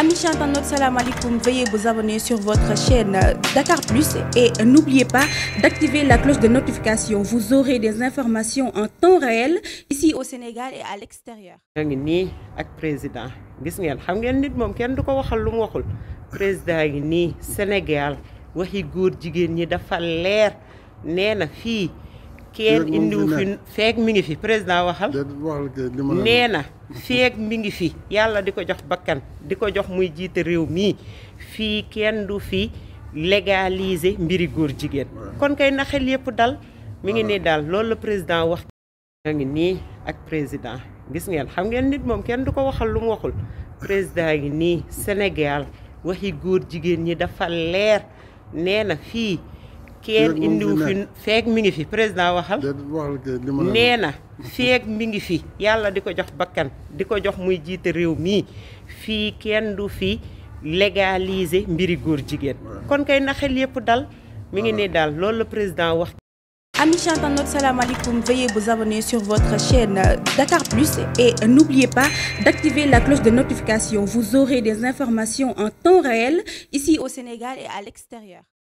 Amis internautes, salam alaikum. Veuillez vous abonner sur votre chaîne Dakar Plus et n'oubliez pas d'activer la cloche de notification. Vous aurez des informations en temps réel ici au Sénégal et à l'extérieur. yaa ngi nii ak président gis ngeen xam ngeen nit moom kenn du ko waxal lu mu waxul président ngi nii Sénégal waxi góor jigéen ñi dafa leer nee na fii. kenn indiwu fi feeg mi ngi fi président waxal nee na feeg mi ngi fi yàlla di ko jox bakkan di ko jox muy jiite réew mii fii kenn du fi légaliser mbiri góor jigéen kon kay na xel yëpp dal mu ngi nii daal loolu la président wax ngi nii ak président gis ngeen xam ngeen nit moom kenn du ko waxal lu mu waxul président ngi nii Sénégal waxi góor jigéen ñi dafa leer nee na fii kenn indiwu fi feeg mi ngi fi président waxal nee na feeg mi ngi fi yàlla di ko jox bakkan di ko jox muy jiite réew mii fii kenn du fi légaliser mbiri góor jigéen kon kay na xel yépp dal mi ngi nii daal loolu la président wax Amis chers internautes, salam alaikum. Veuillez vous abonner sur votre chaîne Dakar Plus et n'oubliez pas d'activer la cloche de notification. Vous aurez des informations en temps réel ici au Sénégal et à l'extérieur.